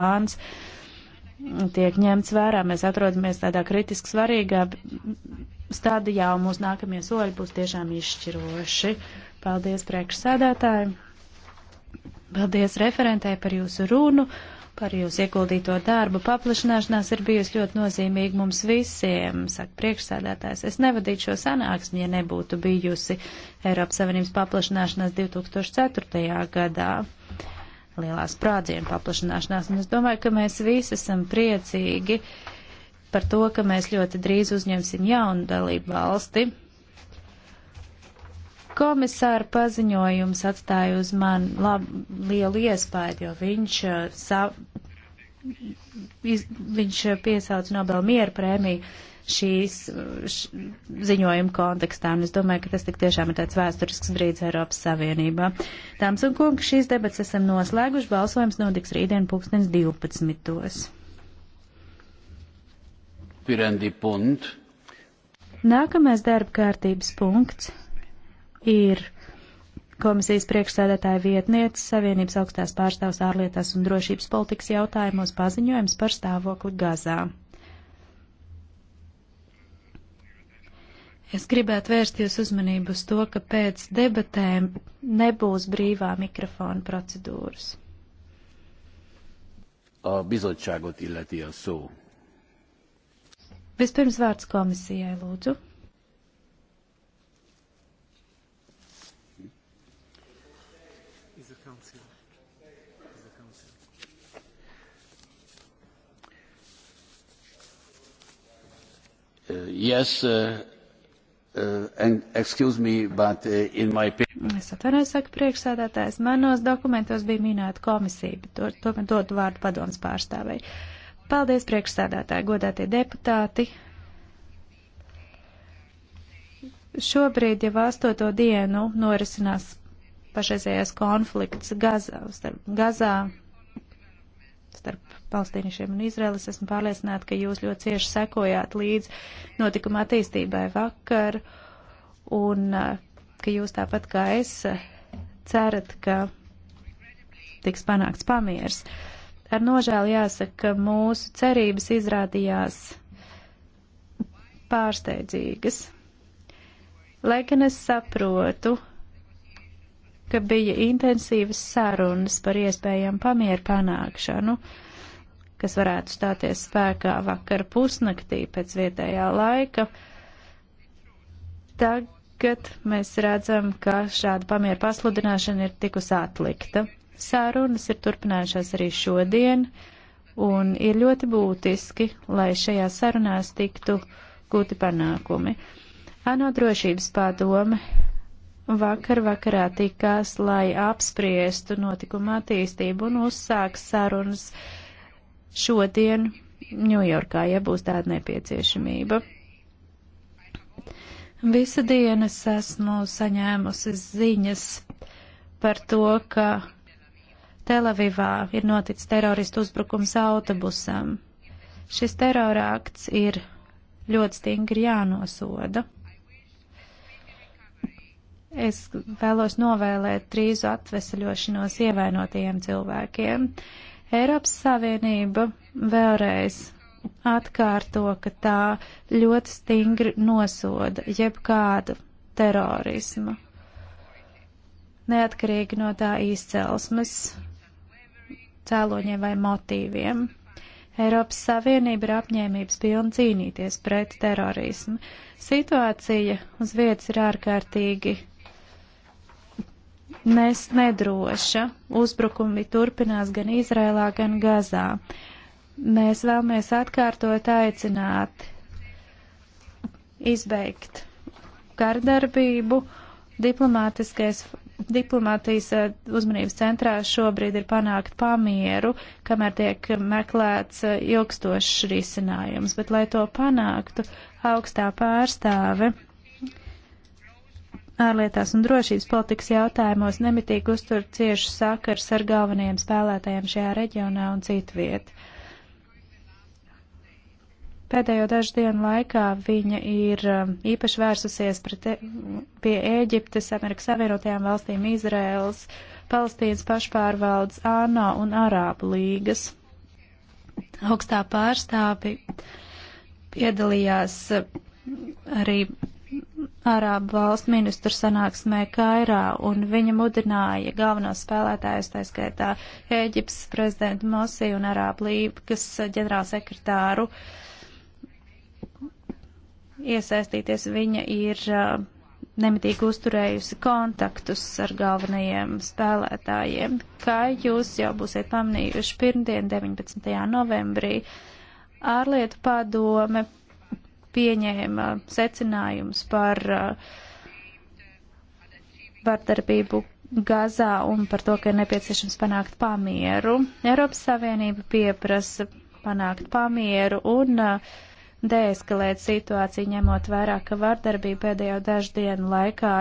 plāns tiek ņemts vērā. Mēs atrodamies tādā kritiski svarīgā stadijā, un mūsu nākamie soļi būs tiešām izšķiroši. Paldies priekšsēdētājiem, paldies referentē par jūsu runu, par jūsu ieguldīto darbu. Paplašanāšanās ir bijusi ļoti nozīmīga mums visiem, saka priekšsēdētājs. Es nevadītu šo sanāksmi, ja nebūtu bijusi Eiropas Savienības paplašanāšanās 2004. gadā lielā sprādziena paplašanāšanās. Un es domāju, ka mēs visi esam priecīgi par to, ka mēs ļoti drīz uzņemsim jaunu dalību valsti. Komisāra paziņojums atstāja uz man lab, lielu iespēju, jo viņš, uh, sa, iz, viņš piesauca Nobel mieru prēmiju šīs š, ziņojuma kontekstā, un es domāju, ka tas tik tiešām ir tāds vēsturisks brīdis Eiropas Savienībā. Tāms un kungi, šīs debats esam noslēguši, balsojums notiks rītdien pulkstens 12. Pirandi punt. Nākamais darba kārtības punkts ir komisijas priekšsēdētāja vietniece Savienības augstās pārstāvs ārlietās un drošības politikas jautājumos paziņojums par stāvokli Gazā. Es gribētu vērst jūs uzmanību uz to, ka pēc debatēm nebūs brīvā mikrofona procedūras. A bizottságot illeti a szó. Vispirms vārds komisijai, lūdzu. Yes, uh, Uh, and, excuse me, but uh, in my Es atvainojos, saka priekšsēdētājs. Manos dokumentos bija minēta komisija, bet to, to man dotu vārdu padomas pārstāvēji. Paldies, priekšsēdētāji, godātie deputāti. Šobrīd jau astoto dienu norisinās pašreizējais konflikts Gazā, starp Gazā starp palestīniešiem un Izraēlas. Esmu pārliecināta, ka jūs ļoti cieši sekojāt līdz notikuma attīstībai vakar un eh, ka jūs tāpat kā es eh, cerat, ka tiks panākts pamiers. Ar nožēlu jāsaka, ka mūsu cerības izrādījās pārsteidzīgas. Lai gan es saprotu, ka bija intensīvas sarunas par iespējamu pamieru panākšanu, kas varētu stāties spēkā vakar pusnaktī pēc vietējā laika. Tagad mēs redzam, ka šāda pamieru pasludināšana ir tikus atlikta. Sārunas ir turpinājušās arī šodien, un ir ļoti būtiski, lai šajā sarunās tiktu gūti panākumi. ANO drošības padome vakar vakarā tikās, lai apspriestu notikumu attīstību un uzsāks sarunas šodien Ņujorkā, ja būs tāda nepieciešamība. Visu dienu es esmu saņēmusi ziņas par to, ka Telavivā ir noticis teroristu uzbrukums autobusam. Šis terorākts ir ļoti stingri jānosoda. Es vēlos novēlēt drīzu atvesaļošanos ievainotajiem cilvēkiem. Eiropas Savienība vēlreiz atkārto, ka tā ļoti stingri nosoda jebkādu terorismu. Neatkarīgi no tā izcelsmes, cēloņiem vai motīviem. Eiropas Savienība ir apņēmības pilna cīnīties pret terorismu. Situācija uz vietas ir ārkārtīgi nes nedroša. Uzbrukumi turpinās gan Izrēlā, gan Gazā. Mēs vēlamies atkārtot aicināt izbeigt kardarbību. Diplomātiskais diplomātijas eh, uzmanības centrā šobrīd ir panākt pamieru, kamēr tiek meklēts eh, ilgstošs risinājums, bet lai to panāktu, augstā pārstāve ārlietās un drošības politikas jautājumos nemitīgi uztur ciešu sakars ar galvenajiem spēlētājiem šajā reģionā un citviet. Pēdējo dažu dienu laikā viņa ir um, īpaši vērsusies pret, e- pie Ēģiptes, Amerikas Savienotajām valstīm, Izraels, Palestīnas pašpārvaldes, ANO un Arābu līgas. Augstā pārstāvi piedalījās uh, arī Arābu valstu ministru sanāksmē Kairā, un viņa mudināja galvenos spēlētājus, tā skaitā Ēģiptes prezidentu Mosī un Arābu Lībijas ģenerālsekretāru iesaistīties. Viņa ir nemitīgi uzturējusi kontaktus ar galvenajiem spēlētājiem, kā jūs jau būsiet pamanījuši pirmdien, 19. novembrī. Ārlietu padome pieņēma secinājumus par eh, vardarbību Gazā un par to, ka ir nepieciešams panākt pamieru. Eiropas Savienība pieprasa panākt pamieru un eh, deeskalēt situāciju, ņemot vērā, ka vardarbība pēdējo dažu dienu laikā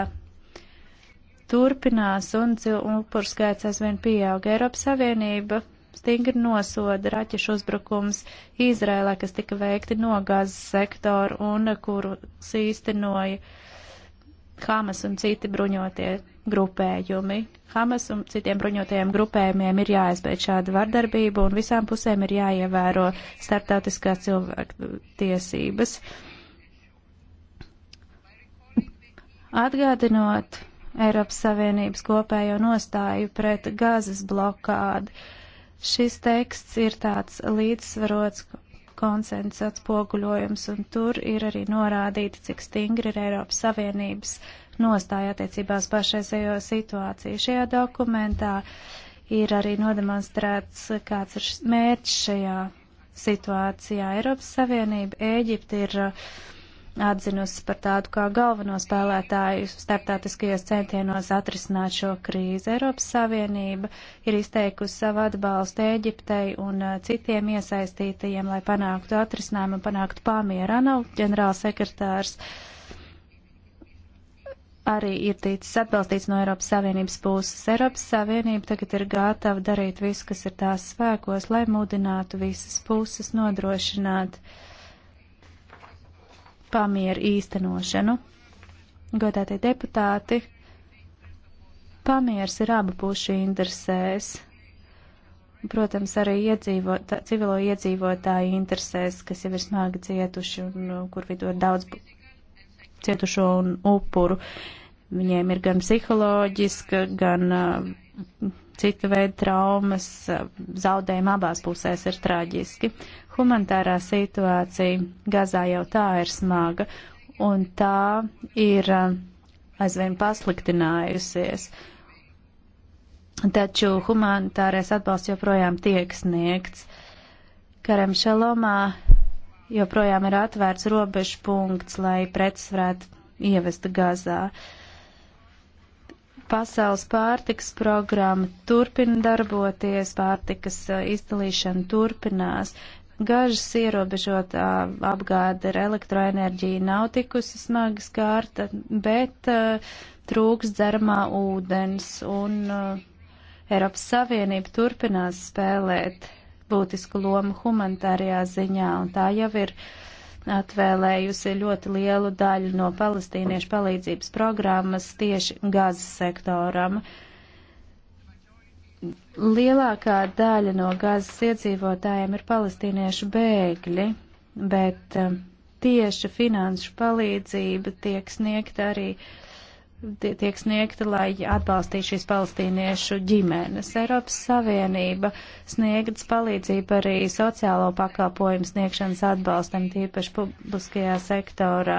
turpinās un upuru skaits aizvien pieauga. Eiropas Savienība stingri nosoda raķešu uzbrukums Izrēlē, kas tika veikti no gazas sektoru un kurus īstenoja Hamas un citi bruņotie grupējumi. Hamas un citiem bruņotajiem grupējumiem ir jāizbeidz šāda vardarbība un visām pusēm ir jāievēro starptautiskās cilvēku tiesības. Atgādinot Eiropas Savienības kopējo nostāju pret gazas blokādi, uh, Šis teksts ir tāds līdzsvarots konsensus atspoguļojums, un tur ir arī norādīti, cik stingri ir Eiropas Savienības nostāja attiecībās pašreizējo situāciju. Šajā dokumentā ir arī nodemonstrēts, kāds ir mērķis šajā situācijā. Eiropas Savienība, Ēģipte ir uh, atzinusi par tādu kā galveno spēlētāju starptautiskajos centienos atrisināt šo krīzi. Eiropas Savienība ir izteikusi savu atbalstu Eģiptei un uh, citiem iesaistītajiem, lai panāktu atrisinājumu un panāktu pamieru. Nav ģenerālsekretārs arī ir ticis atbalstīts no Eiropas Savienības puses. Eiropas Savienība tagad ir gatava darīt visu, kas ir tās spēkos, lai mudinātu visas puses nodrošināt uh, pamieru īstenošanu. Godātie deputāti, pamieris ir abu pušu interesēs. Protams, arī iedzīvotā, civilo iedzīvotāju interesēs, kas jau ir smagi cietuši un uh, kur vidū ir daudz cietušo un upuru. Viņiem ir gan psiholoģiska, gan uh, cita veida traumas, eh, zaudējumi abās pusēs ir traģiski. Humanitārā situācija Gazā jau tā ir smaga, un tā ir eh, aizvien pasliktinājusies. Taču humanitārais atbalsts joprojām tiek sniegts. Karam Šalomā joprojām ir atvērts robežu punkts, lai preces varētu ievest Gazā. Uh, Pasaules pārtikas programma turpina darboties, pārtikas uh, izdalīšana turpinās. Gažas ierobežotā uh, apgāde ar elektroenerģiju nav tikusi smaga skārta, bet uh, trūks dzeramā ūdens un uh, Eiropas Savienība turpinās spēlēt būtisku lomu humanitārajā ziņā, un tā jau ir uh, atvēlējusi ļoti lielu daļu no palestīniešu palīdzības programmas tieši gazas sektoram. Lielākā daļa no gazas iedzīvotājiem ir palestīniešu bēgļi, bet um, tieši finanšu palīdzība tiek sniegta arī uh, tiek sniegta, lai atbalstītu šīs palestīniešu ģimenes. Eiropas Savienība sniegts palīdzību arī sociālo pakalpojumu sniegšanas atbalstam, tīpaši publiskajā sektorā,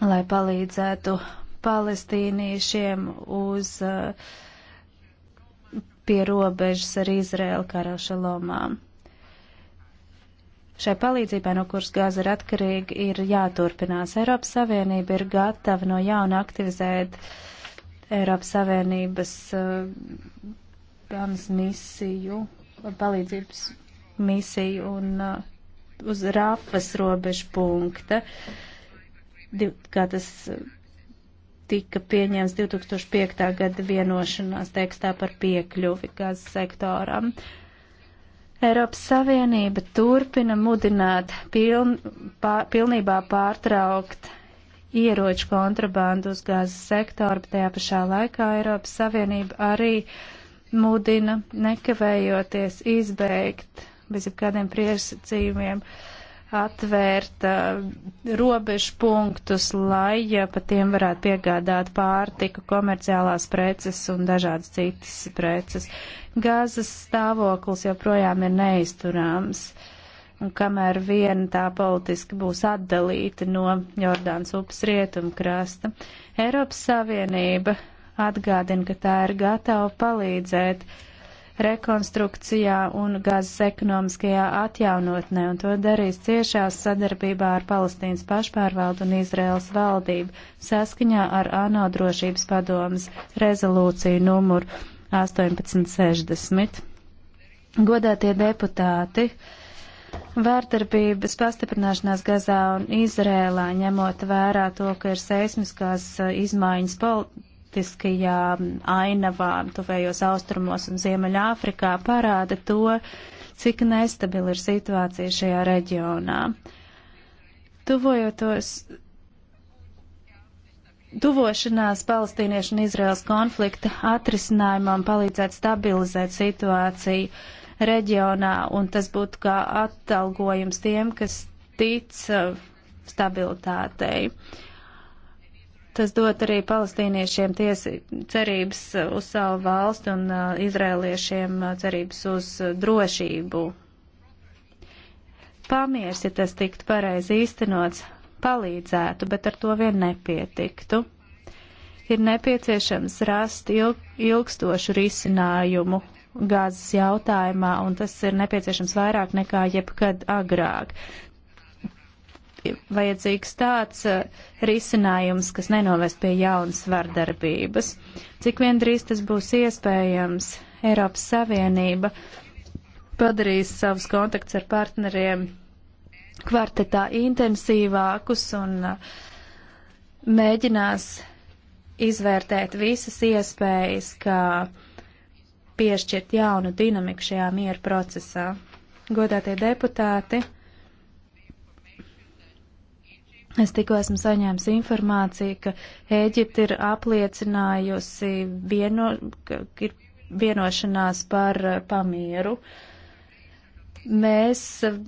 lai palīdzētu palestīniešiem uz eh, pie robežas ar Izraēlu karašalomām. Šai palīdzībai, no kuras gāze ir atkarīga, ir jāturpinās. Eiropas Savienība ir gatava no jauna aktivizēt Eiropas Savienības eh, gamas uh, misiju, palīdzības misiju un uh, uz Rafas robežu punkta, div, kā tas eh, tika pieņēmts 2005. gada vienošanās tekstā par piekļuvi gāzes sektoram. Uh, Eiropas Savienība turpina mudināt piln, pār, pilnībā pārtraukt ieroču kontrabandu uz gāzes sektoru, bet tajā pašā laikā Eiropas Savienība arī mudina nekavējoties izbeigt bez jebkādiem priesacījumiem uh, atvērt uh, robežu punktus, lai ja, eh, pa tiem varētu piegādāt pārtiku, komerciālās preces un dažādas citas preces. Gāzes stāvoklis joprojām ir neizturāms. Un kamēr viena tā politiski būs atdalīta no Jordānas upes rietumkrasta, Eiropas Savienība atgādina, ka tā ir gatava palīdzēt uh, rekonstrukcijā un gazas ekonomiskajā atjaunotnē, un to darīs ciešās sadarbībā ar Palestīnas pašpārvaldu un Izraels valdību saskaņā ar ANO drošības padomas rezolūciju numuru 1860. Godātie deputāti! Vārdarbības pastiprināšanās Gazā un Izrēlā, ņemot vērā to, ka ir seismiskās uh, izmaiņas politiskajām ainavām tuvējos austrumos un Ziemeļāfrikā parāda to, cik nestabila ir situācija šajā reģionā. Tuvojoties Tuvošanās palestīniešu un Izraels konflikta atrisinājumam palīdzētu stabilizēt situāciju reģionā, un tas būtu kā atalgojums tiem, kas tic stabilitātei. Uh, Tas dot arī palestīniešiem tiesi, cerības uz savu valstu un uh, izrēliešiem uh, cerības uz uh, drošību. Pamiers, ja tas tiktu pareizi īstenots, palīdzētu, bet ar to vien nepietiktu. Ir nepieciešams rast ilg, ilgstošu risinājumu gāzes jautājumā, un tas ir nepieciešams vairāk nekā jebkad agrāk vajadzīgs tāds eh, risinājums, kas nenovest pie jaunas vardarbības. Cik vien drīz tas būs iespējams, Eiropas Savienība padarīs savus kontakts ar partneriem kvartetā intensīvākus un eh, mēģinās izvērtēt visas iespējas, kā piešķirt jaunu dinamiku šajā miera procesā. Godātie deputāti! Es tikko esmu saņēmis informāciju, ka Ēģipte ir apliecinājusi vieno, ir vienošanās par eh, pamieru. Mēs eh,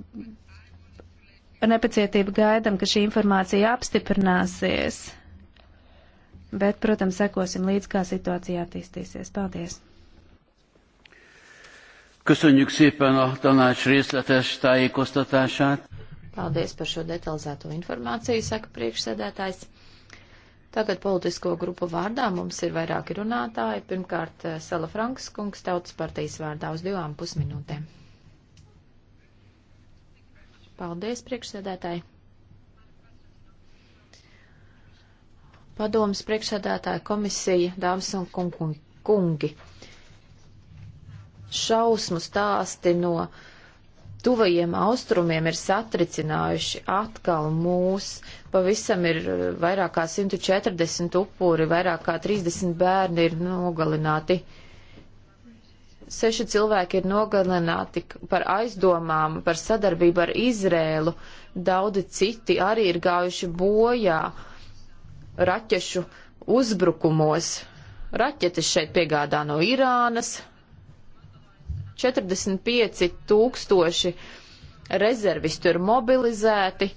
ar nepacietību gaidam, ka šī informācija apstiprināsies, bet, protams, sekosim līdz, kā situācija attīstīsies. Paldies! Köszönjük szépen a tanács részletes tájékoztatását! Paldies par šo detalizēto informāciju, saka priekšsēdētājs. Tagad politisko grupu vārdā mums ir vairāki runātāji. Pirmkārt, eh, Sela Franks kungs tautas partijas vārdā uz divām pusminūtēm. Paldies, priekšsēdētāji. Padomas priekšsēdētāja komisija, dāmas un kungi. kungi. Šausmu stāsti no uh, tuvajiem austrumiem ir satricinājuši atkal mūs. Pavisam ir eh, vairāk kā 140 upuri, vairāk kā 30 bērni ir nogalināti. Seši cilvēki ir nogalināti par aizdomām, par sadarbību ar Izrēlu. Daudzi citi arī ir gājuši bojā raķešu uzbrukumos. Raķetes šeit piegādā no Irānas, 45 tūkstoši rezervistu ir mobilizēti.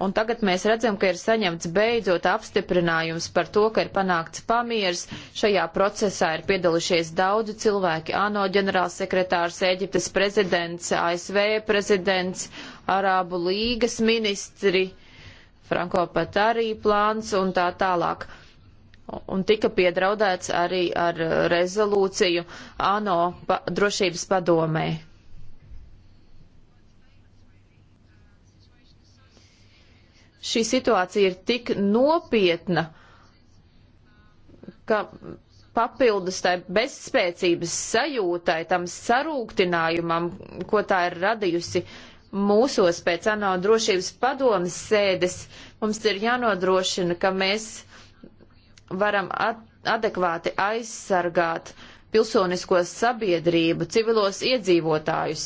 Un tagad mēs redzam, ka ir saņemts beidzot apstiprinājums par to, ka ir panākts pamieris. Šajā procesā ir piedalījušies daudzi cilvēki - ANO ģenerālsekretārs, Eģiptes prezidents, ASV prezidents, Arābu līgas ministri, Franko pat arī plāns un tā tālāk un tika piedraudēts arī ar rezolūciju ANO pa drošības padomē. Šī situācija ir tik nopietna, ka papildus tai bezspēcības sajūtai, tam sarūktinājumam, ko tā ir radījusi mūsos pēc ANO drošības padomas sēdes, mums ir jānodrošina, ka mēs varam adekvāti aizsargāt pilsonisko sabiedrību, civilos iedzīvotājus.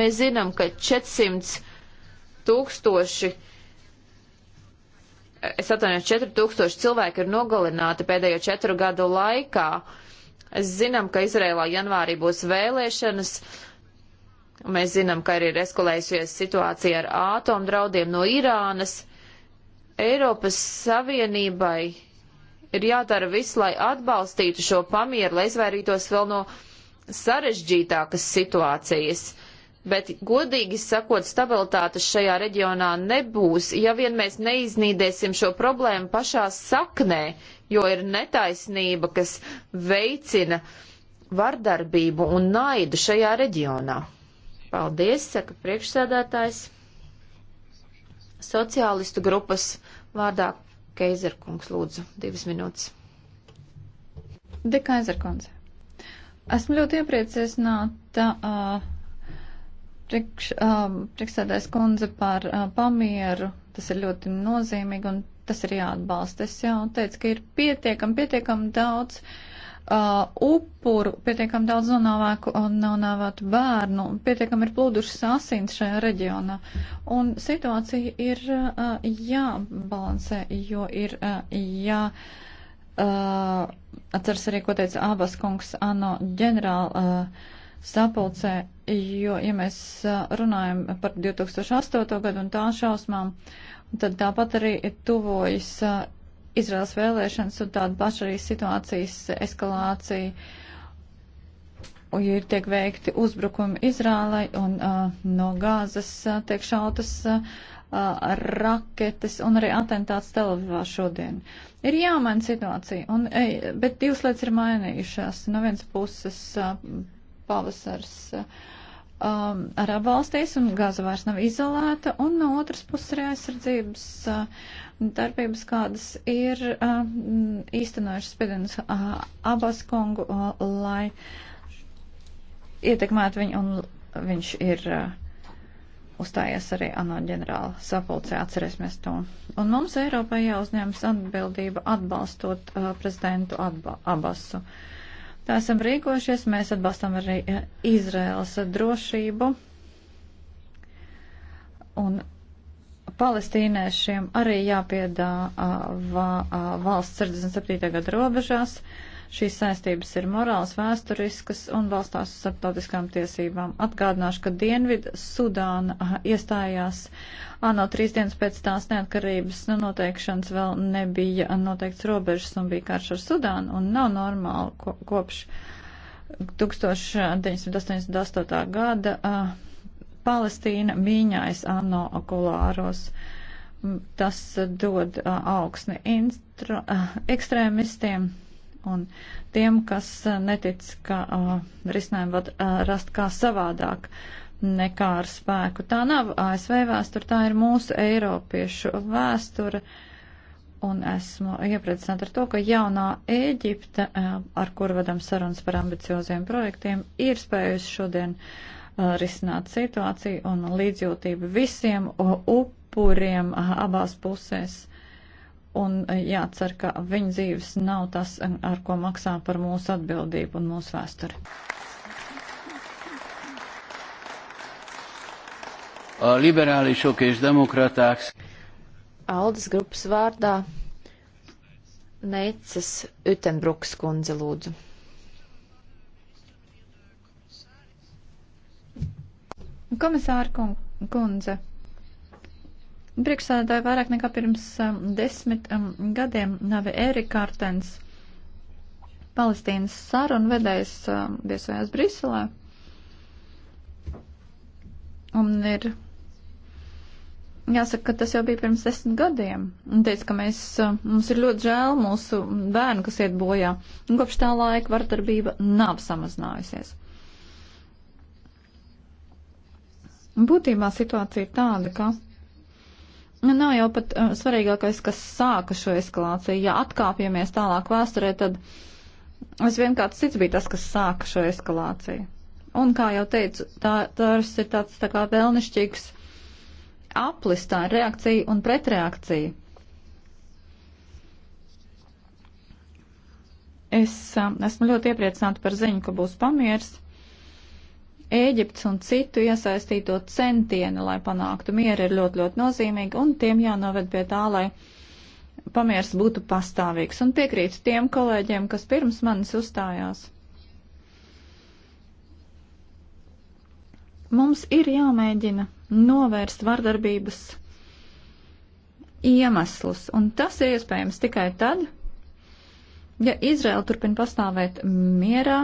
Mēs zinām, ka 400 tūkstoši, es atvainojos, 4000 cilvēki ir nogalināti pēdējo četru gadu laikā. Es zinām, ka Izrēlā janvārī būs vēlēšanas. Mēs zinām, ka arī ir eskalējusies situācija ar ātomdraudiem no Irānas. Eiropas Savienībai ir jādara viss, lai atbalstītu šo pamieru, lai izvairītos vēl no sarežģītākas situācijas. Bet, godīgi sakot, stabilitātes šajā reģionā nebūs, ja vien mēs neiznīdēsim šo problēmu pašā saknē, jo ir netaisnība, kas veicina vardarbību un naidu šajā reģionā. Paldies, saka priekšsēdētājs. Sociālistu grupas vārdā Keizerkungs, lūdzu, divas minūtes. De Keizerkundze. Esmu ļoti iepriecināta. Uh, priekš, um, priekšsēdājas kundze par uh, pamieru, tas ir ļoti nozīmīgi un tas ir jāatbalsta. Es jau teicu, ka ir pietiekam, pietiekam daudz uh, uh, upuru, pietiekam daudz nonāvēku un nonāvētu bērnu, pietiekam ir plūdušas asins šajā reģionā. Un situācija ir uh, jābalansē, jo ir uh, jā. Uh, atceras arī, ko teica Abas kungs ANO ģenerāla uh, sapulcē, jo, ja mēs uh, runājam par 2008. gadu un tā šausmām, tad tāpat arī tuvojas. Uh, Izraels vēlēšanas un tāda paša arī situācijas eskalācija. Un, ja ir tiek veikti uzbrukumi Izrēlai un uh, no gāzes uh, tiek šautas uh, raketes un arī atentāts televīzijā šodien. Ir jāmaina situācija, un, ej, bet divas lietas ir mainījušās. No vienas puses uh, pavasars. Uh, um, Arab valstīs, un Gaza vairs nav izolēta, un no otras puses arī aizsardzības uh, darbības, kādas ir uh, īstenojušas spiedienas uh, abas kungu, uh, lai ietekmētu viņu, un viņš ir. Uh, uzstājies arī ANO ģenerāla sapulcē, atcerēsimies to. Un mums Eiropai jāuzņemas atbildība atbalstot uh, prezidentu atba Abasu. Uh, Tā esam rīkojušies, mēs atbalstam arī eh, Izraels drošību. Un palestīniešiem arī jāpiedāvā eh, valsts 67. gada robežās. Uh, Šīs saistības ir morāls, vēsturiskas un balstās uz starptautiskām tiesībām. Atgādināšu, ka Dienvid Sudāna iestājās ANO trīs dienas pēc tās neatkarības nu, noteikšanas vēl nebija noteikts robežas un bija karš ar Sudānu un nav normāli ko, kopš 1988. gada uh, Palestīna mīņājas ANO okulāros mm, tas dod augsni instru, ekstrēmistiem un tiem, kas eh, netic, ka uh, eh, risinājumu var uh, rast kā savādāk nekā ar spēku. Tā nav ASV vēsture, tā ir mūsu eiropiešu vēsture. Un esmu iepriecināta ar to, ka jaunā Ēģipte, uh, ar kuru vedam sarunas par ambicioziem projektiem, ir spējusi šodien uh, risināt situāciju un līdzjūtību visiem upuriem abās pusēs un eh, jācer, ka viņu dzīves nav tas, eh, ar ko maksā par mūsu atbildību un mūsu vēsturi. A liberálisok és demokraták. Aldas grupas vārdā Neicas Utenbruks kundze lūdzu. Komisāra kundze. Priekšsēdētāji vairāk nekā pirms um, desmit um, gadiem Navi Ērikārtens, Palestīnas sarunvedējs, um, viesojās Briselē un ir jāsaka, ka tas jau bija pirms desmit gadiem. Un teica, ka mēs, um, mums ir ļoti žēl mūsu bērnu, kas iet bojā. Un kopš tā laika vardarbība nav samazinājusies. Būtībā situācija ir tāda, ka Nu, nav jau pat uh, svarīgākais, kas sāka šo eskalāciju. Ja atkāpjamies tālāk vēsturē, tad aizvien kāds cits bija tas, kas sāka šo eskalāciju. Un, kā jau teicu, tā, tas ir tāds tā kā vēlnišķīgs aplis, tā ir reakcija un pretreakcija. Es uh, esmu ļoti iepriecināta par ziņu, ka būs pamieris. Ēģipts un citu iesaistīto centieni, lai panāktu mieru, ir ļoti, ļoti nozīmīgi, un tiem jānoved pie tā, lai pamiers būtu pastāvīgs. Un piekrītu tiem kolēģiem, kas pirms manis uzstājās. Mums ir jāmēģina novērst vardarbības iemeslus, un tas ir iespējams tikai tad, ja Izraela turpina pastāvēt mierā,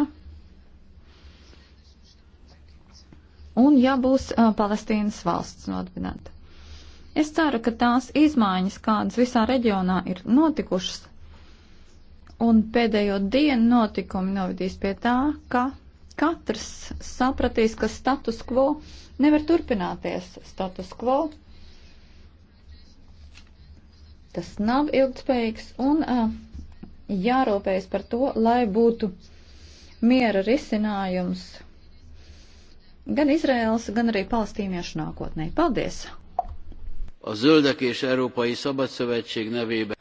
un ja būs uh, Palestīnas valsts nodibināta. Es ceru, ka tās izmaiņas, kādas visā reģionā ir notikušas, un pēdējo dienu notikumi novedīs pie tā, ka katrs sapratīs, ka status quo nevar turpināties. Status quo tas nav ilgspējīgs un uh, jārūpējas par to, lai būtu miera risinājums gan Izraels, gan arī palestīniešu nākotnē. Paldies! A Zöldek és Európai Szabadszövetség nevében.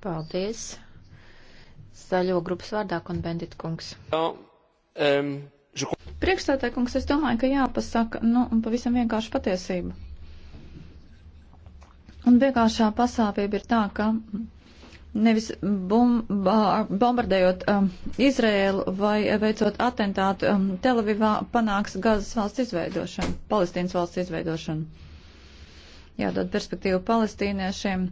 Paldies! Zaļo grupas vārdā, konbendit kungs. Jā, um, žu... Priekšstādā kungs, es domāju, ka jāpasaka, nu, pavisam vienkārši patiesība. Un vienkāršā pasāpība ir tā, ka nevis bumbā, bombardējot um, Izrēlu vai veicot atentātu um, Telavivā, panāks Gazas valsts izveidošanu, Palestīnas valsts izveidošanu. Jādod perspektīvu palestīniešiem,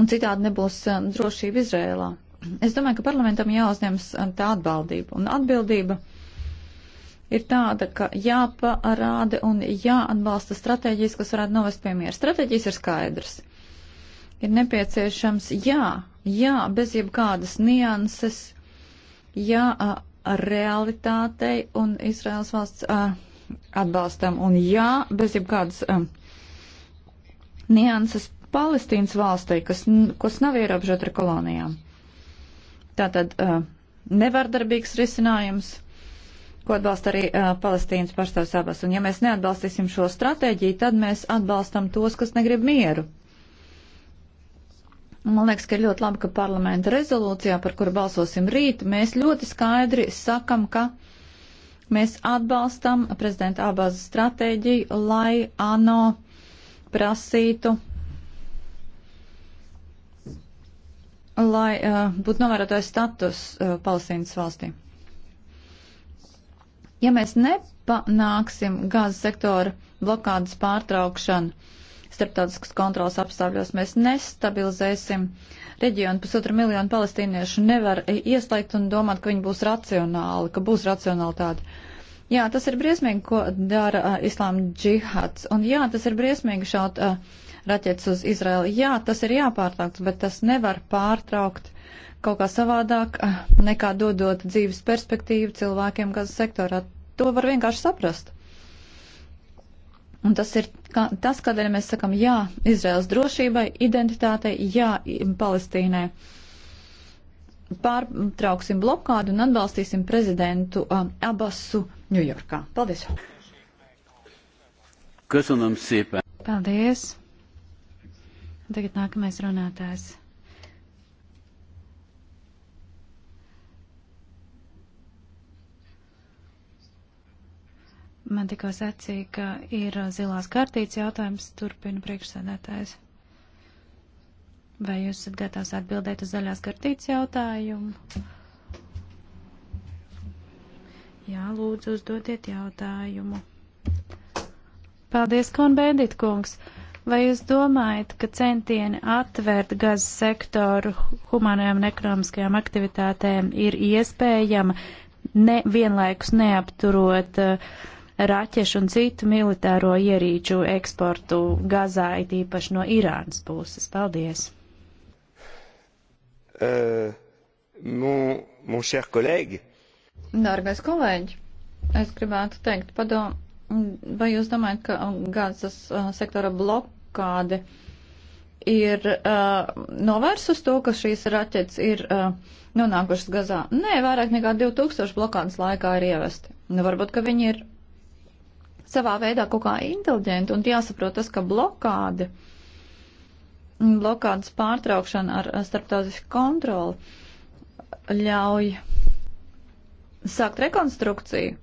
un citādi nebūs um, drošība Izrēlā. Es domāju, ka parlamentam jāuzņemas um, tā atbildība, un atbildība ir tāda, ka jāparāda un jāatbalsta stratēģijas, kas varētu novest pie miera. Stratēģijas ir skaidrs ir nepieciešams jā, jā, bez jebkādas nianses, jā, ar realitātei un Izraels valsts atbalstam un jā, bez jebkādas nianses Palestīnas valstī, kas, kas nav ierobežota ar kolonijām. Tātad nevardarbīgs risinājums ko atbalsta arī uh, Palestīnas pārstāvs abas. Un ja mēs neatbalstīsim šo stratēģiju, tad mēs atbalstam tos, kas negrib mieru. Man liekas, ka ir ļoti labi, ka parlamenta rezolūcijā, par kuru balsosim rīt, mēs ļoti skaidri sakam, ka mēs atbalstam prezidenta Abāza stratēģiju, lai ANO prasītu, lai uh, būtu novērotājs status uh, Palestīnas valstī. Ja mēs nepanāksim gāzes sektora blokādas pārtraukšanu, starptautiskas kontrolas apstākļos. Mēs nestabilizēsim reģionu. Pusotru miljonu palestīniešu nevar ieslēgt un domāt, ka viņi būs racionāli, ka būs racionāli tādi. Jā, tas ir briesmīgi, ko dara uh, islāma džihāds. Un jā, tas ir briesmīgi šaut uh, raķetes uz Izraeli. Jā, tas ir jāpārtraukts, bet tas nevar pārtraukt kaut kā savādāk, uh, nekā dodot dzīves perspektīvu cilvēkiem, kas sektorā. To var vienkārši saprast. Un tas ir ka, tas, kādēļ mēs sakam jā Izraels drošībai, identitātei, jā Palestīnai. Pārtrauksim blokādu un atbalstīsim prezidentu um, Abasu Ņujorkā. Paldies! Köszönöm szépen! Paldies! Tagad nākamais runātājs. Man tikko sacīja, ka ir uh, zilās kartītes jautājums, turpina priekšsēdētājs. Vai jūs esat gatavs atbildēt uz zaļās kartītes jautājumu? Jā, lūdzu, uzdodiet jautājumu. Paldies, Konbēdīt kungs! Vai jūs domājat, ka centieni atvērt gazas sektoru humanajām un ekonomiskajām aktivitātēm ir iespējama ne, vienlaikus neapturot uh, raķešu un citu militāro ierīču eksportu Gazā, it īpaši no Irānas puses. Paldies! Uh, mon, mon cher kolēģi! Dārgais kolēģi, es gribētu teikt, padom, vai jūs domājat, ka um, Gazas uh, sektora blokāde ir uh, novērsus to, ka šīs raķetes ir uh, nonākušas Gazā? Nē, vairāk nekā 2000 blokādes laikā ir ievesti. Nu, varbūt, ka viņi ir savā veidā kaut kā inteliģenti un jāsaprot tas, ka blokāde, blokādes pārtraukšana ar starptautisku kontroli ļauj sākt rekonstrukciju,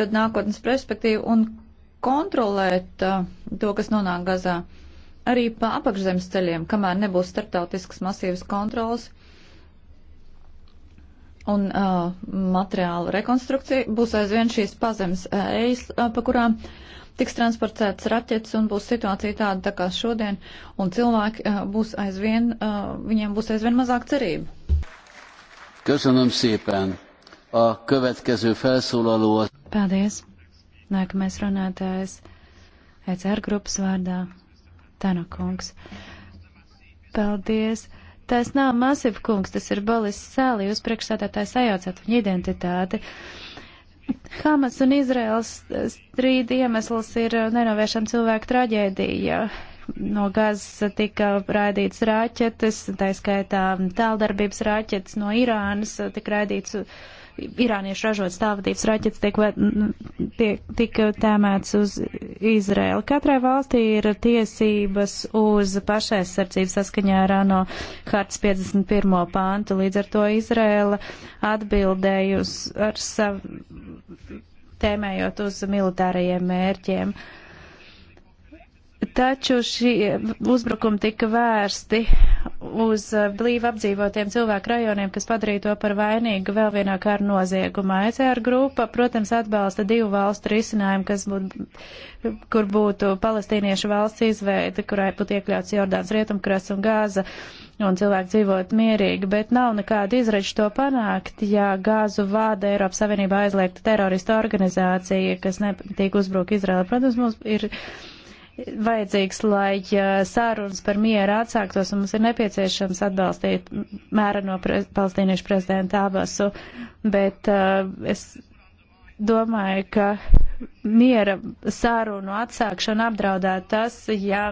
dod nākotnes perspektīvu un kontrolēt uh, to, kas nonāk Gazā. Arī pa apakšzemes ceļiem, kamēr nebūs starptautiskas masīvas kontrolas, uh, un uh, materiālu rekonstrukcija būs aizvien šīs pazemes uh, ejas, uh, pa kurām tiks transportēts raķets un būs situācija tāda tā kā šodien, un cilvēki uh, būs aizvien, uh, viņiem būs aizvien mazāk cerību. Köszönöm szépen. A következő felszólaló az... Paldies. Nākamais runātājs ECR grupas vārdā Tanokungs. Paldies. Tas nav Masif kungs, tas ir Bolis Sēli, jūs priekšsādātājs sajaucat viņa identitāti. Hamas un Izraels strīda iemesls ir uh, nenovēršana cilvēku traģēdija. No gazas tika raidīts raķetes, tā skaitā um, tāldarbības raķetes no Irānas uh, tika raidīts uh, irāniešu ražotas tālvadības raķetes tiek, tiek, tiek tēmēts uz Izraeli. Katrai valstī ir tiesības uz pašaizsardzību saskaņā ar ANO hartas 51. pāntu. Līdz ar to Izraela atbildēja uz ar savu tēmējot uz militārajiem mērķiem. Taču šie uzbrukumi tika vērsti uz eh, blīvi apdzīvotiem cilvēku rajoniem, kas padarīja to par vainīgu vēl vienā kara noziegumā. ECR grupa, protams, atbalsta divu valstu risinājumu, kas būtu, kur būtu palestīniešu valsts izveida, kurai būtu iekļauts Jordāns rietumkrasts un Gāza, un cilvēki dzīvot mierīgi, bet nav nekāda izreģa to panākt, ja Gāzu vāda Eiropas Savienībā aizliegta terorista organizācija, kas nepatīk uzbruk Izraela. Protams, mums ir vajadzīgs, lai sārunas par mieru atsāktos, un mums ir nepieciešams atbalstīt mēra no pre palestīniešu prezidenta Abasu, bet uh, es domāju, ka miera sārunu atsākšana apdraudē tas, ja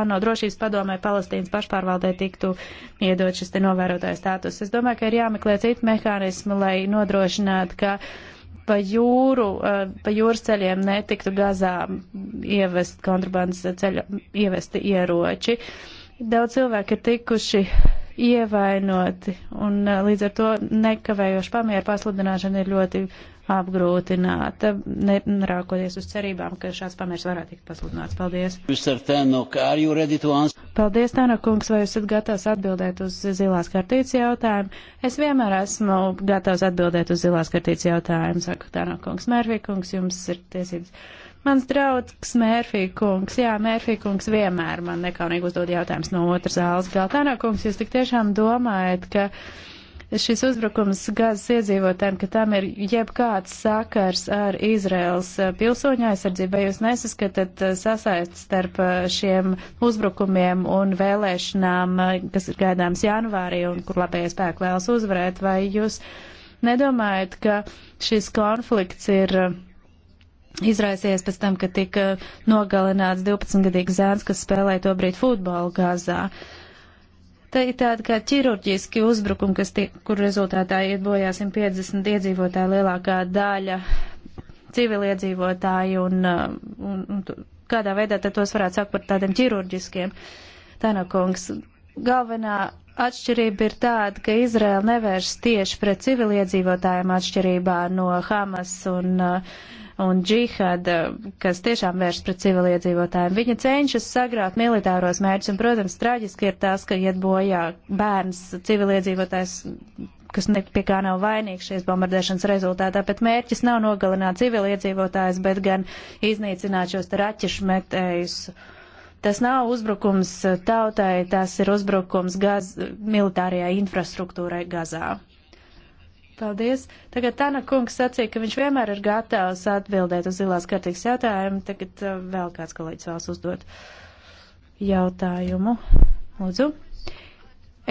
ANO drošības padomē Palestīnas pašpārvaldē tiktu iedot šis te novērotājs status. Es domāju, ka ir jāmeklē citi mehānismi, lai nodrošinātu, ka uh, pa jūru, eh, pa jūras ceļiem netiktu gazā ievest kontrabandas ceļa, ievesti ieroči. Daudz cilvēki ir tikuši ievainoti, un eh, līdz ar to nekavējoši pamieru pasludināšana ir ļoti apgrūtināta, nerākoties uz cerībām, ka šāds pamērs varētu tikt pasludināts. Paldies. Paldies, Tāna kungs, vai esat gatavs atbildēt uz zilās kartītes jautājumu? Es vienmēr esmu gatavs atbildēt uz zilās kartītes jautājumu, saka Tāna kungs. Mērfī kungs, jums ir tiesības. Mans draugs Mērfī kungs, jā, Mērfī kungs vienmēr man nekaunīgi uzdod jautājums no otras zāles. Galtānā kungs, jūs tik tiešām domājat, ka šis uzbrukums gazas iedzīvotājiem, ka tam ir jebkāds sakars ar Izraels eh, pilsoņu aizsardzību, vai jūs nesaskatāt eh, sasaist starp eh, šiem uzbrukumiem un vēlēšanām, kas ir gaidāms janvārī un kur labējie spēki vēlas uzvarēt, vai jūs nedomājat, ka šis konflikts ir izraisies pēc tam, ka tika nogalināts 12-gadīgs zēns, kas spēlēja to brīdi futbolu Gazā. Uh, Te ir tādi kā ķirurģiski uzbrukumi, kas tie, kur rezultātā iet bojā 150 iedzīvotāji lielākā daļa civiliedzīvotāji un, uh, un, un kādā veidā tad tos varētu sākt par tādiem ķirurģiskiem. Tanakungs, galvenā atšķirība ir tāda, ka Izraela nevērš tieši pret civiliedzīvotājiem atšķirībā no Hamas un uh, un džihad, eh, kas tiešām vērš pret civiliedzīvotājiem. Viņa cenšas sagrāt militāros mērķus, un, protams, traģiski ir tas, ka iet bojā bērns civiliedzīvotājs kas pie kā nav vainīgs šīs bombardēšanas rezultātā, bet mērķis nav nogalināt civiliedzīvotājus, bet gan iznīcināt šos raķešu metējus. Tas nav uzbrukums tautai, tas ir uzbrukums gaz, militārajai infrastruktūrai Gazā. Paldies. Tagad Tana kungs sacīja, ka viņš vienmēr ir gatavs atbildēt uz zilās kartīgas jautājumu. Tagad uh, vēl kāds kolēģis vēlas uzdot jautājumu. Lūdzu.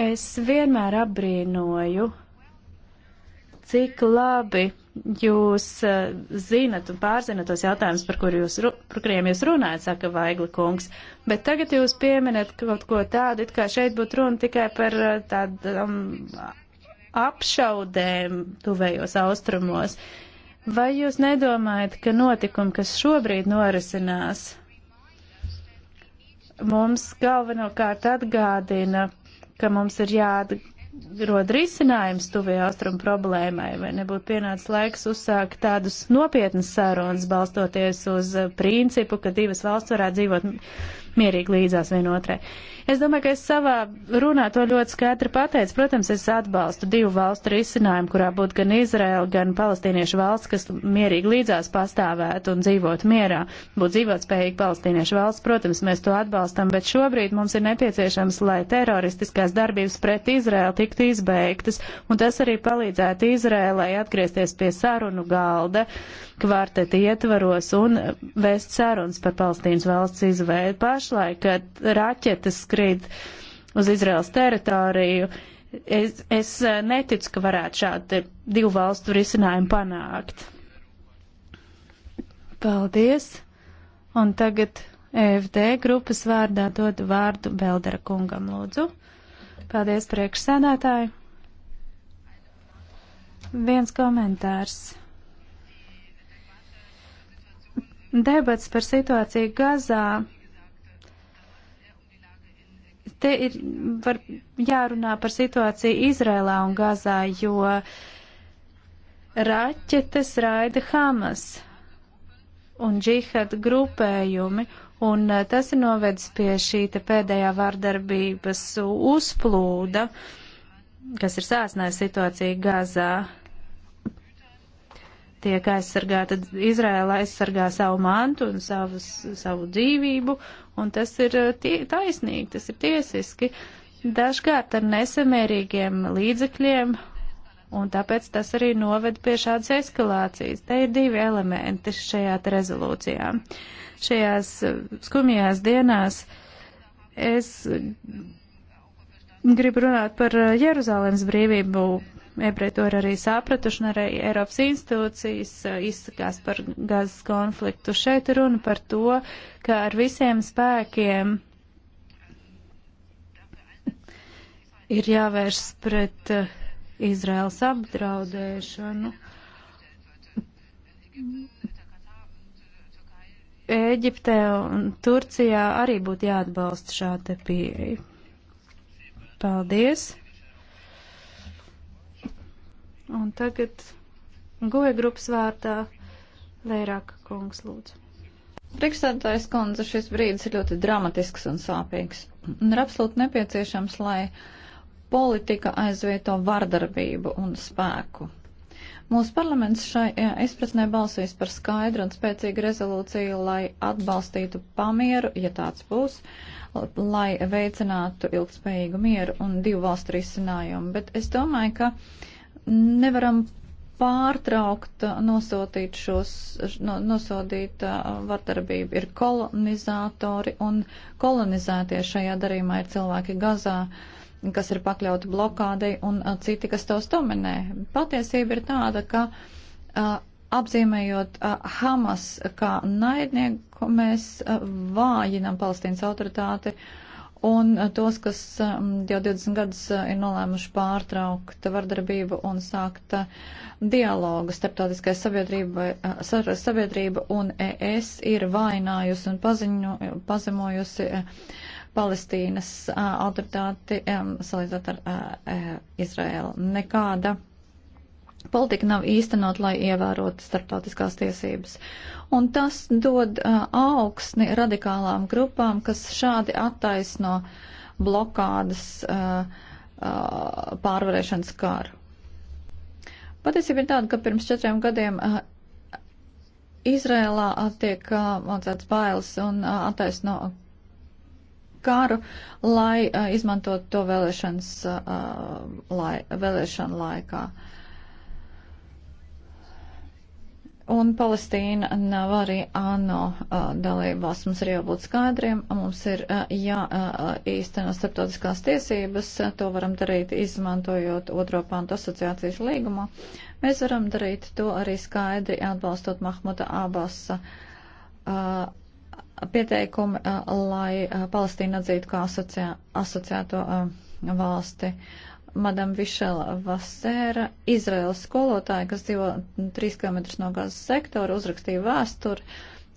Es vienmēr apbrīnoju, cik labi jūs uh, zinat un pārzinat tos jautājumus, par, kur jūs, par kuriem jūs runājat, saka Vaigli kungs. Bet tagad jūs pieminat kaut ko tādu, it kā šeit būtu runa tikai par uh, tādām um, apšaudēm tuvējos austrumos. Vai jūs nedomājat, ka notikumi, kas šobrīd norisinās, mums galvenokārt atgādina, ka mums ir jāatrod risinājums tuvajā austrumu problēmai, vai nebūtu pienācis laiks uzsākt tādus nopietnas sarunas, balstoties uz principu, ka divas valsts varētu dzīvot mierīgi līdzās vienotrai. Es domāju, ka es savā runā to ļoti skaidri pateicu. Protams, es atbalstu divu valstu risinājumu, kurā būtu gan Izraela, gan palestīniešu valsts, kas mierīgi līdzās pastāvētu un dzīvot mierā, būtu dzīvotspējīgi palestīniešu valsts. Protams, mēs to atbalstam, bet šobrīd mums ir nepieciešams, lai teroristiskās darbības pret Izraelu tiktu izbeigtas, un tas arī palīdzētu Izraēlai atgriezties pie sarunu galda kvarteta ietvaros un vēst sarunas par Palestīnas valsts izveidu. Pašlaik, kad raķetes uzkrīt uz Izraels teritoriju. Es, es eh, neticu, ka varētu šādi divu valstu risinājumu panākt. Paldies! Un tagad EFD grupas vārdā dod vārdu Beldera kungam, lūdzu. Paldies, priekšsēdētāji! Viens komentārs. Debats par situāciju Gazā Te ir var, jārunā par situāciju Izrēlā un Gazā, jo raķetes raida Hamas un džihad grupējumi, un eh, tas ir novedis pie šī te pēdējā vārdarbības uzplūda, kas ir sāsnēja situācija Gazā tiek aizsargāta, Izraela aizsargā savu mantu un savas, savu dzīvību, un tas ir eh, tie, taisnīgi, tas ir tiesiski, dažkārt ar nesamērīgiem līdzekļiem, un tāpēc tas arī noved pie šādas eskalācijas. Te ir divi elementi šajā rezolūcijā. Šajās eh, skumjās dienās es gribu runāt par eh, Jeruzalemes brīvību ebreji to ir arī sapratuši, un arī Eiropas institūcijas eh, izsakās par gazas konfliktu. Šeit runa par to, ka ar visiem spēkiem ir jāvērš pret eh, Izraels apdraudēšanu. Ēģiptē un Turcijā arī būtu jāatbalsta šāda pieeja. Paldies! Un tagad goja grupas vārdā Lērāka kungs lūdzu. Priekšsēdētājs kundze, šis brīdis ir ļoti dramatisks un sāpīgs. Un ir absolūti nepieciešams, lai politika aizvieto vardarbību un spēku. Mūsu parlaments šai izpratnē balsīs par skaidru un spēcīgu rezolūciju, lai atbalstītu pamieru, ja tāds būs, lai veicinātu ilgspējīgu mieru un divu valstu risinājumu. Bet es domāju, ka nevaram pārtraukt nosūtīt šos, no, nosodīt uh, vardarbību. Ir kolonizatori un kolonizētie šajā darījumā ir cilvēki Gazā, kas ir pakļauti blokādei un uh, citi, kas tos dominē. Patiesība ir tāda, ka uh, apzīmējot uh, Hamas kā naidnieku, mēs uh, vājinam Palestīnas autoritāti. Uh, un eh, tos, kas eh, jau 20 gadus eh, ir nolēmuši pārtraukt vardarbību un sākt dialogu starptautiskai sabiedrībai, sabiedrība un ES ir vainājusi un paziņu, pazemojusi Palestīnas autoritāti salīdzinot ar Izraēlu. Nekāda politika nav īstenot, lai ievērotu starptautiskās tiesības. Un tas dod uh, augsni radikālām grupām, kas šādi attaisno blokādas uh, uh, pārvarēšanas kāru. Patiesība ir tāda, ka pirms četriem gadiem uh, Izrēlā tiek uh, mācēts bailes un uh, attaisno karu, lai uh, izmantotu to vēlēšanas, uh, lai, vēlēšanu laikā. Uh, un Palestīna nav arī ANO dalībās. Mums ir jābūt skaidriem, mums ir jāīsteno starptautiskās tiesības, to varam darīt izmantojot otro pantu asociācijas līgumā. Mēs varam darīt to arī skaidri atbalstot Mahmuda Abasa pieteikumu, lai Palestīna atzītu kā asociā, asociēto valsti. Uh, Madam Višela Vasēra, Izraels skolotāja, kas dzīvo 3 km no gazas sektora, uzrakstīja vēsturi.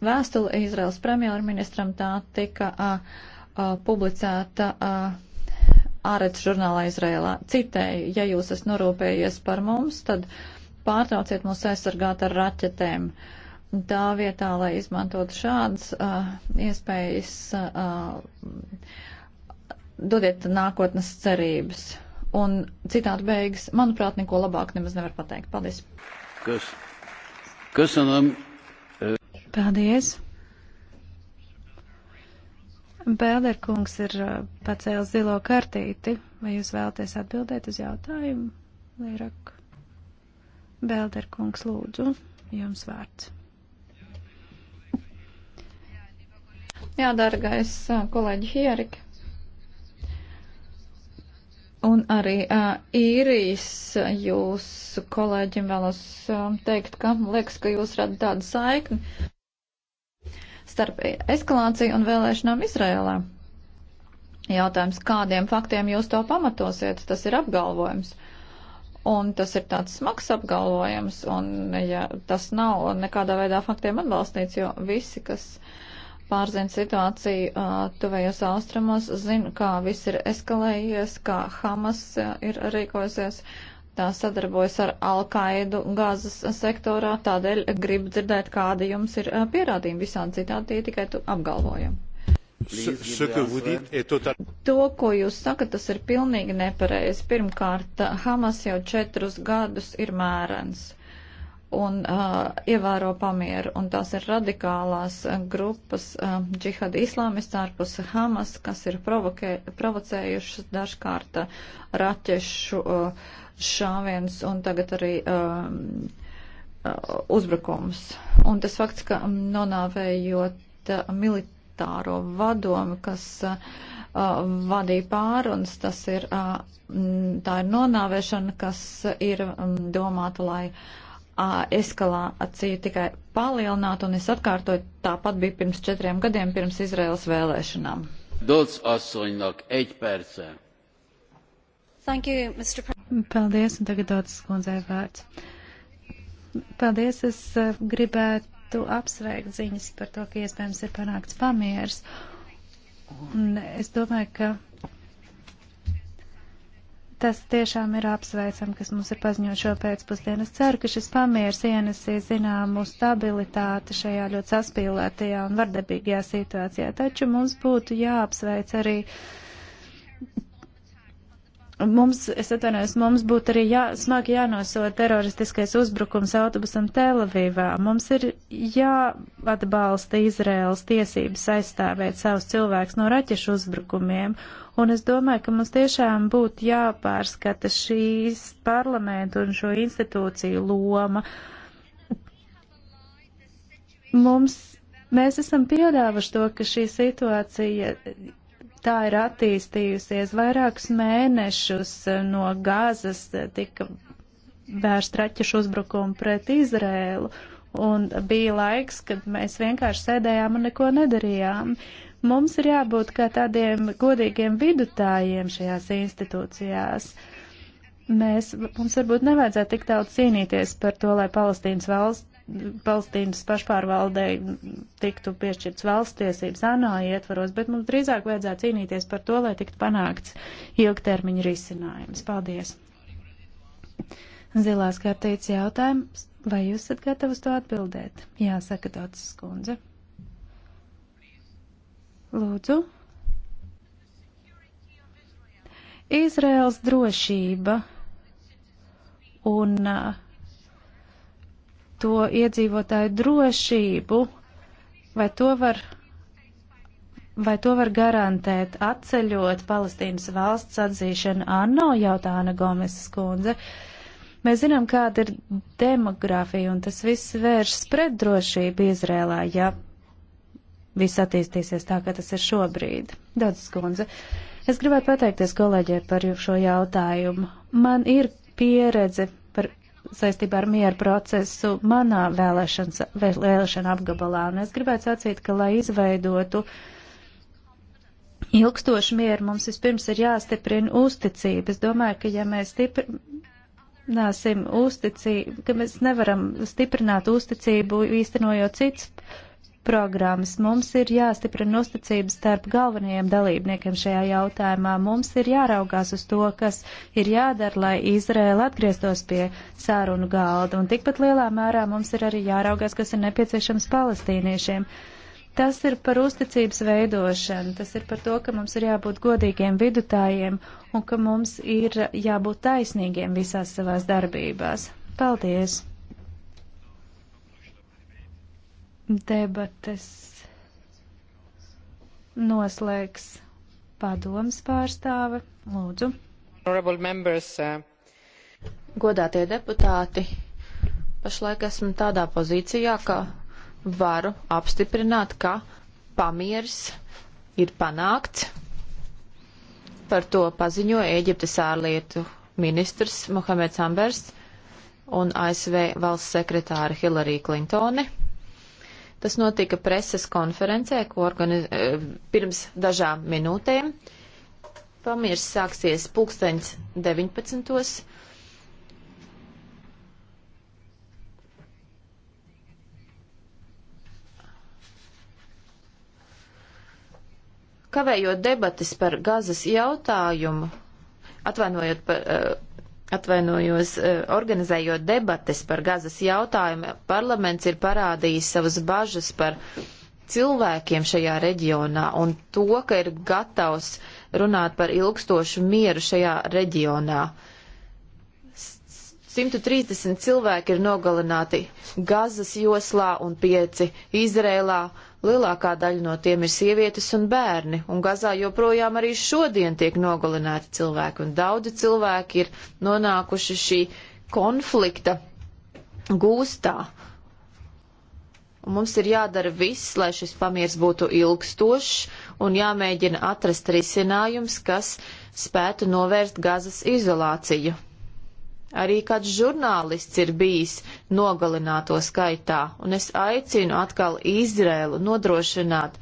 Vēstuli Izraels premjerministram tā tika a, a, publicēta a, ārēc žurnālā Izrēlā. Citēju, ja jūs esat norūpējies par mums, tad pārtrauciet mūs aizsargāt ar raķetēm. Tā vietā, lai izmantot šādas uh, iespējas, uh, dodiet nākotnes cerības un citādi beigas, manuprāt, neko labāk nemaz nevar pateikt. Paldies! Kas, kas anam? Paldies! Bēlderkungs ir uh, pacēlis zilo kartīti. Vai jūs vēlaties atbildēt uz jautājumu, Līrak? Bēlderkungs, lūdzu, jums vārds. Jā, dargais uh, kolēģi Hierik. Un arī uh, īrijas jūsu kolēģim vēlos uh, teikt, ka liekas, ka jūs radat tādu saikni starp eskalāciju un vēlēšanām Izrēlē. Jautājums, kādiem faktiem jūs to pamatosiet, tas ir apgalvojums. Un tas ir tāds smags apgalvojums, un ja, tas nav nekādā veidā faktiem atbalstīts, jo visi, kas uh, pārzina situāciju uh, tuvējos austrumos, zina, kā viss ir eskalējies, kā Hamas uh, ir rīkojusies, tā sadarbojas ar Alkaidu gazas sektorā, tādēļ grib dzirdēt, kādi jums ir uh, pierādījumi visādi citādi, tie tikai tu apgalvojam. To, ko jūs sakat, tas ir pilnīgi nepareizi. Pirmkārt, Hamas jau četrus gadus ir mērens. Uh, un uh, ievēro pamieru. Un tās ir radikālās grupas uh, džihadi islāmisti ārpus Hamas, kas ir provokē, provocējušas dažkārt uh, raķešu uh, šāviens un tagad arī uh, uh, uzbrukums. Un tas fakts, ka nonāvējot uh, militāro vadomu, kas uh, vadīja pārunas, tas ir, uh, tā ir nonāvēšana, kas ir um, domāta, lai uh, eskalācija tikai palielinātu, un es atkārtoju, tāpat bija pirms četriem gadiem, pirms Izraels vēlēšanām. Dodds asoņnak, eģ pērcē. Thank you, Mr. President. Paldies, un tagad Dodds kundzei vārds. Paldies, es eh, gribētu apsveikt ziņas par to, ka iespējams ir panākts pamieris. Un es domāju, ka tas tiešām ir apsveicami, kas mums ir paziņot šo pēcpusdienu. Es ceru, ka šis pamieris ienesīs zināmu stabilitāti šajā ļoti saspīlētajā un vardarbīgajā situācijā. Taču mums būtu jāapsveic arī uh, Mums, es atvainojos, mums būtu arī jā, smagi jānosoda teroristiskais uzbrukums autobusam Telavīvā. Mums ir jāatbalsta Izraels tiesības aizstāvēt savus cilvēkus no raķešu uzbrukumiem. Un es domāju, ka mums tiešām būtu jāpārskata šīs parlamentu un šo institūciju loma. Mums, mēs esam piedāvuši to, ka šī situācija Tā ir attīstījusies vairākus mēnešus eh, no gāzes tika vērst raķešu uzbrukumu pret Izrēlu. Un bija laiks, kad mēs vienkārši sēdējām un neko nedarījām. Mums ir jābūt kā tādiem godīgiem vidutājiem šajās institūcijās. Mēs, mums varbūt nevajadzētu tik daudz cīnīties par to, lai Palestīnas valsts Palestīnas pašpārvaldei tiktu piešķirts valsts tiesības ANO ietvaros, bet mums drīzāk vajadzētu cīnīties par to, lai tiktu panākts ilgtermiņa risinājums. Paldies! Zilās kartītes jautājums. Vai jūs esat gatavs to atbildēt? Jā, saka Dots skundze. Lūdzu. Izraels drošība un uh, to iedzīvotāju drošību, vai to var, vai to var garantēt atceļot Palestīnas valsts atzīšanu ANO, jautā Ana Gomesas kundze. Mēs zinām, kāda ir demografija, un tas viss vēršas pret drošību Izrēlā, ja viss attīstīsies tā, kā tas ir šobrīd. Daudz skundze. Es gribētu pateikties kolēģiem par šo jautājumu. Man ir pieredze saistībā ar mieru procesu manā vēlēšana apgabalā. Un es gribētu sacīt, ka, lai izveidotu ilgstošu mieru, mums vispirms ir jāstiprina uzticība. Es domāju, ka ja mēs stiprināsim uzticību, ka mēs nevaram stiprināt uzticību īstenojot cits programmas. Mums ir jāstiprina uzticības starp galvenajiem dalībniekiem šajā jautājumā. Mums ir jāraugās uz to, kas ir jādara, lai Izrēla atgrieztos pie sārunu galda. Un tikpat lielā mērā mums ir arī jāraugās, kas ir nepieciešams palestīniešiem. Tas ir par uzticības veidošanu, tas ir par to, ka mums ir jābūt godīgiem vidutājiem un ka mums ir jābūt taisnīgiem visās savās darbībās. Paldies! debates noslēgs padomas pārstāve. Lūdzu. Uh, Godātie deputāti, pašlaik esmu tādā pozīcijā, ka varu apstiprināt, ka pamieris ir panākts. Par to paziņoja Ēģiptes ārlietu ministrs Mohameds Ambers un ASV valsts sekretāra Hillary Clintoni. Tas notika preses konferencē, ko organiz... Eh, pirms dažām minūtēm. Pamirs sāksies pulksteņs 19. Kavējot debatis par gazas jautājumu, atvainojot par. Uh, Atvainojos, e, organizējot debates par gazas jautājumu, parlaments ir parādījis savas bažas par cilvēkiem šajā reģionā un to, ka ir gatavs runāt par ilgstošu mieru šajā reģionā. Uh, 130 cilvēki ir nogalināti Gazas joslā un 5 Izrēlā. Lielākā daļa no tiem ir sievietes un bērni, un Gazā joprojām arī šodien tiek nogalināti cilvēki, un daudzi cilvēki ir nonākuši šī konflikta gūstā. Un mums ir jādara viss, lai šis pamiers būtu ilgstošs, un jāmēģina atrast risinājums, kas spētu novērst Gazas izolāciju arī kāds žurnālists ir bijis nogalināto skaitā, un es aicinu atkal Izrēlu nodrošināt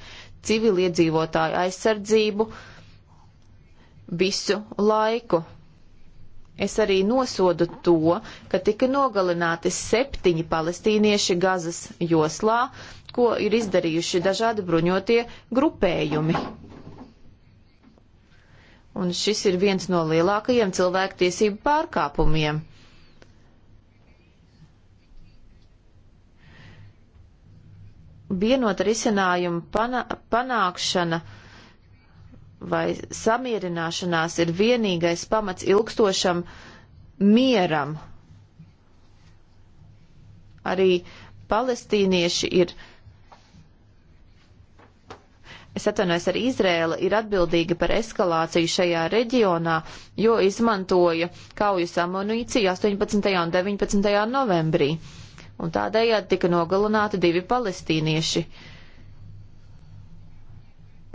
civiliedzīvotāju aizsardzību visu laiku. Es arī nosodu to, ka tika nogalināti septiņi palestīnieši Gazas joslā, ko ir izdarījuši dažādi bruņotie grupējumi un šis ir viens no lielākajiem cilvēktiesību pārkāpumiem. Vienota risinājuma pana, panākšana vai samierināšanās ir vienīgais pamats ilgstošam mieram. Arī palestīnieši ir es atvainojos, arī Izrēla ir atbildīga par eskalāciju šajā reģionā, jo izmantoja kaujas amunīciju 18. un 19. novembrī. Un tādējādi tika nogalināti divi palestīnieši.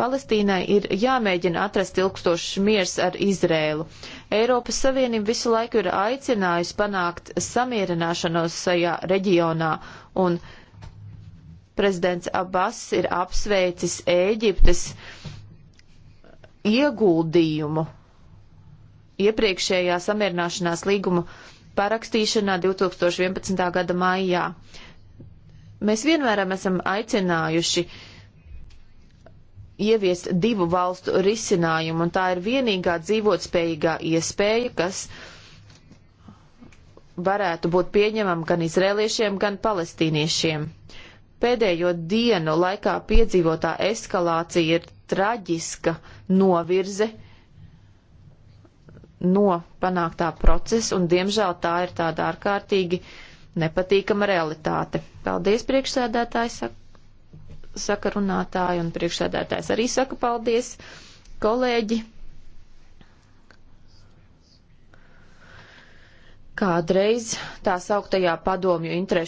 Palestīnai ir jāmēģina atrast ilgstošs miers ar Izrēlu. Eiropas Savienība visu laiku ir aicinājusi panākt samierināšanos šajā reģionā, un uh, Prezidents Abbas ir apsveicis Ēģiptes ieguldījumu iepriekšējā samierināšanās līguma parakstīšanā 2011. gada maijā. Mēs vienmēr esam aicinājuši ieviest divu valstu risinājumu, un tā ir vienīgā dzīvotspējīgā iespēja, kas varētu būt pieņemama gan izrēliešiem, gan palestīniešiem pēdējo dienu laikā piedzīvotā eskalācija ir traģiska novirze no panāktā procesa, un diemžēl tā ir tāda ārkārtīgi nepatīkama realitāte. Paldies, priekšsēdētājs, saka, saka runātāji, un priekšsēdētājs arī saka paldies, kolēģi. Kādreiz tā sauktajā padomju interešu